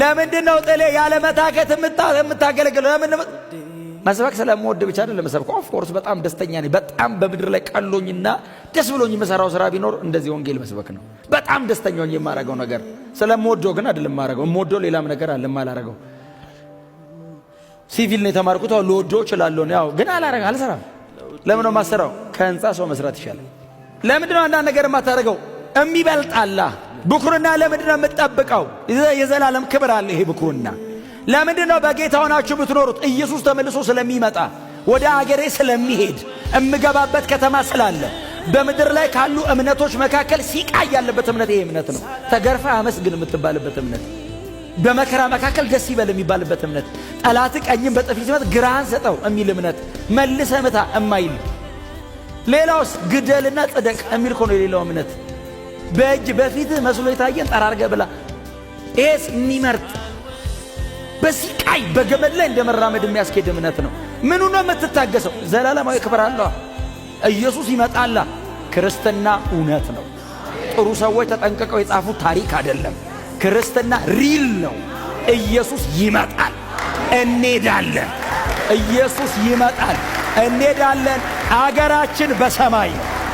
ለምንድን ነው ጥሌ ያለ መታከት የምታገለግለው? ለምን መስበክ ስለምወድ ብቻ አይደለም መሰብከው። ኦፍ ኮርስ በጣም ደስተኛ ነኝ። በጣም በምድር ላይ ቀሎኝና ደስ ብሎኝ የምሰራው ስራ ቢኖር እንደዚህ ወንጌል መስበክ ነው። በጣም ደስተኛ ሆኜ የማረገው ነገር ስለምወደው ግን አይደለም የማረገው። የምወደው ሌላም ነገር አለ የማላረገው። ሲቪል ነው የተማርኩት። አዎ ልወደው እችላለሁ። ያው ግን አላረገ አልሰራም። ለምን ነው የማሰራው? ከህንፃ ሰው መስራት ይሻላል። ለምንድን ነው አንዳንድ ነገር የማታረገው? እሚበልጣላ ብኩርና ለምንድን ነው የዘላለም ክብር አለ። ይሄ ብኩርና ለምንድን ነው በጌታ ሆናችሁ የምትኖሩት? ኢየሱስ ተመልሶ ስለሚመጣ ወደ አገሬ ስለሚሄድ እምገባበት ከተማ ስላለ በምድር ላይ ካሉ እምነቶች መካከል ሲቃይ ያለበት እምነት ይሄ እምነት ነው። ተገርፈ አመስግን የምትባልበት እምነት፣ በመከራ መካከል ደስ ይበል የሚባልበት እምነት፣ ጠላት ቀኝም በጥፊ ሲመት ግራህን ሰጠው የሚል እምነት፣ መልሰ ምታ እማይል ሌላውስ ግደልና ጽደቅ የሚል እኮ ነው የሌላው እምነት በእጅ በፊት መስሎ የታየን ጠራርገ ብላ። ኤስ የሚመርጥ በስቃይ በገመድ ላይ እንደ መራመድ የሚያስኬድ እምነት ነው። ምኑ ነው የምትታገሰው? ዘላለማዊ ክብር አለዋ። ኢየሱስ ይመጣላ። ክርስትና እውነት ነው። ጥሩ ሰዎች ተጠንቅቀው የጻፉት ታሪክ አይደለም። ክርስትና ሪል ነው። ኢየሱስ ይመጣል፣ እንሄዳለን። ኢየሱስ ይመጣል፣ እንሄዳለን። አገራችን በሰማይ ነው።